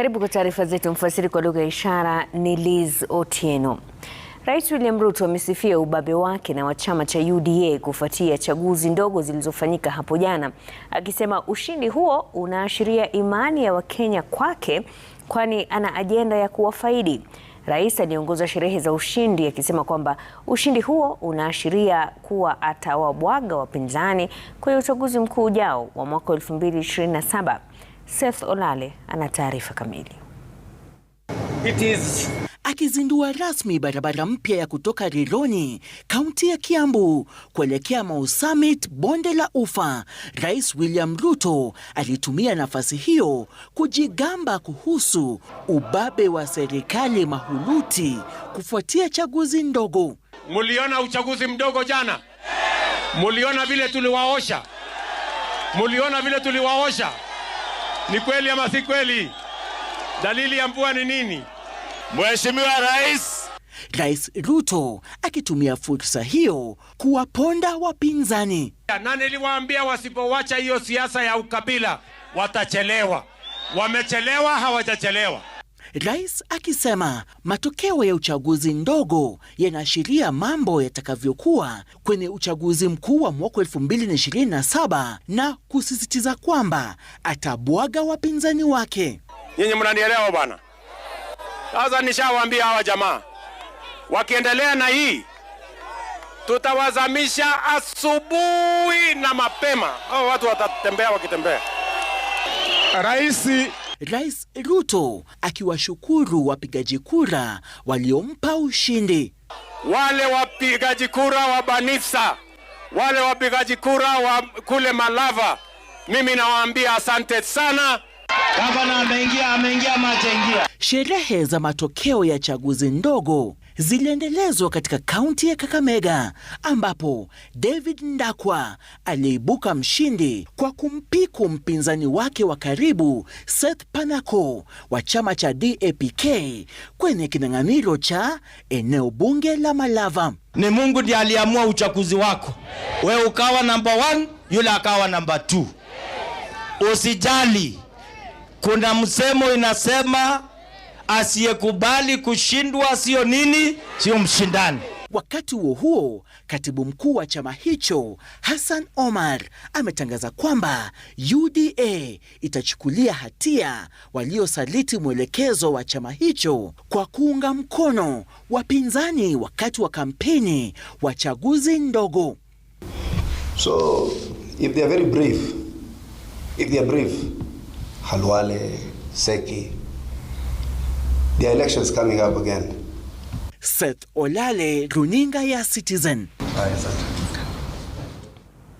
Karibu kwa taarifa zetu. Mfasiri kwa lugha ya ishara ni Liz Otieno. Rais William Ruto amesifia ubabe wake na wa chama cha UDA kufuatia chaguzi ndogo zilizofanyika hapo jana, akisema ushindi huo unaashiria imani ya Wakenya kwake, kwani ana ajenda ya kuwafaidi. Rais aliongoza sherehe za ushindi akisema kwamba ushindi huo unaashiria kuwa atawabwaga wapinzani kwenye uchaguzi mkuu ujao wa mwaka 2027. Seth Olale ana taarifa kamili. It is... Akizindua rasmi barabara mpya ya kutoka Rironi, kaunti ya Kiambu kuelekea Mau Summit, bonde la Ufa, Rais William Ruto alitumia nafasi hiyo kujigamba kuhusu ubabe wa serikali mahuluti kufuatia chaguzi ndogo. Muliona uchaguzi mdogo jana? Muliona vile tuliwaosha? Muliona vile tuliwaosha? Ni kweli ama si kweli? Dalili ya mvua ni nini? Mheshimiwa Rais Rais Ruto akitumia fursa hiyo kuwaponda wapinzani. Na niliwaambia wasipowacha hiyo siasa ya ukabila watachelewa. Wamechelewa, hawajachelewa rais akisema matokeo ya uchaguzi ndogo yanaashiria mambo yatakavyokuwa kwenye uchaguzi mkuu wa mwaka 2027 na kusisitiza kwamba atabwaga wapinzani wake. Nyinyi mnanielewa bwana? Sasa nishawaambia hawa jamaa wakiendelea na hii tutawazamisha asubuhi na mapema. Hao watu watatembea wakitembea. Raisi Rais Ruto akiwashukuru wapigaji kura waliompa ushindi. Wale wapigaji kura wa banisa wale wapigaji kura wa kule Malava, mimi nawaambia asante sana. Gavana ameingia, ameingia, ameingia. Sherehe za matokeo ya chaguzi ndogo ziliendelezwa katika kaunti ya Kakamega ambapo David Ndakwa aliibuka mshindi kwa kumpiku mpinzani wake wa karibu Seth Panako wa chama cha DAPK kwenye kinang'aniro cha eneo bunge la Malava. Ni Mungu ndiye aliamua uchaguzi wako, wewe ukawa namba 1, yule akawa namba 2. Usijali kuna msemo inasema asiyekubali kushindwa sio nini? sio mshindani. Wakati huo huo, katibu mkuu wa chama hicho Hassan Omar ametangaza kwamba UDA itachukulia hatia waliosaliti mwelekezo wa chama hicho kwa kuunga mkono wapinzani wakati wa kampeni wa chaguzi ndogo. So, if they are very brief, if they are brief Halwale, Seki. the are elections coming up again. Seth Olale, Runinga ya Citizen. Asante.